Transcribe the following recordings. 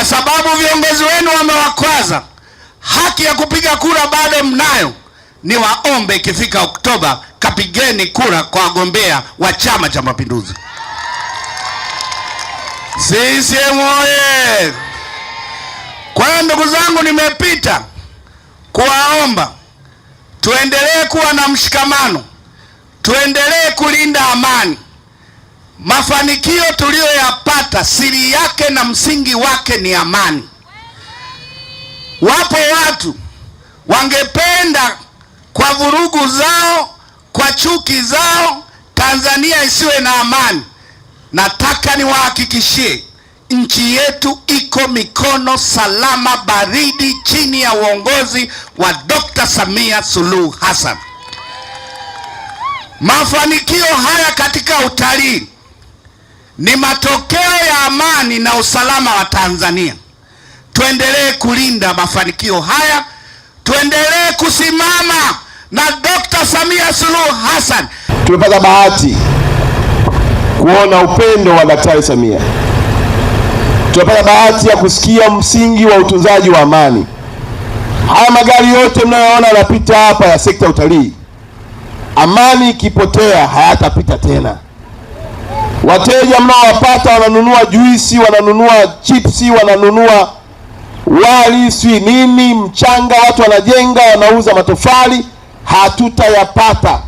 kwa sababu viongozi wenu wamewakwaza. Haki ya kupiga kura bado mnayo, ni waombe ikifika Oktoba kapigeni kura kwa wagombea wa Chama cha Mapinduzi. CCM oye! Kwa hiyo ndugu zangu, nimepita kuwaomba tuendelee kuwa na mshikamano, tuendelee kulinda amani. Mafanikio tuliyoyapata siri yake na msingi wake ni amani. Wapo watu wangependa kwa vurugu zao, kwa chuki zao, Tanzania isiwe na amani. Nataka niwahakikishie nchi yetu iko mikono salama baridi chini ya uongozi wa Dr. Samia Suluhu Hassan. Mafanikio haya katika utalii ni matokeo ya amani na usalama wa Tanzania. Tuendelee kulinda mafanikio haya, tuendelee kusimama na Dr. Samia Suluhu Hassan. Tumepata bahati kuona upendo wa Daktari Samia, tumepata bahati ya kusikia msingi wa utunzaji wa amani. Haya magari yote mnayoona yanapita hapa ya sekta utalii, amani ikipotea hayatapita tena. Wateja mnaowapata wananunua juisi, wananunua chipsi, wananunua wali, si nini, mchanga, watu wanajenga, wanauza matofali. Hatutayapata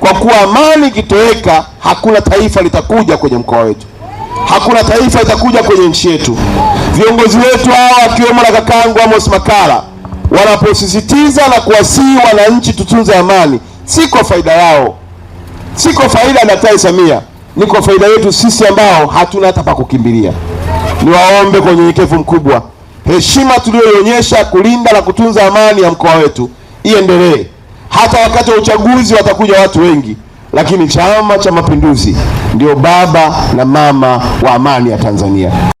kwa kuwa amani ikitoweka, hakuna taifa litakuja kwenye mkoa wetu, hakuna taifa litakuja kwenye nchi yetu. Viongozi wetu hawa wakiwemo na kakangu Amos Makala wanaposisitiza na kuwasihi wananchi tutunze amani, si kwa faida yao, si kwa faida ya Daktari Samia ni kwa faida yetu sisi ambao hatuna hata pa kukimbilia. Niwaombe kwa unyenyekevu mkubwa, heshima tuliyoionyesha kulinda na kutunza amani ya mkoa wetu iendelee. Hata wakati wa uchaguzi watakuja watu wengi, lakini Chama cha Mapinduzi ndio baba na mama wa amani ya Tanzania.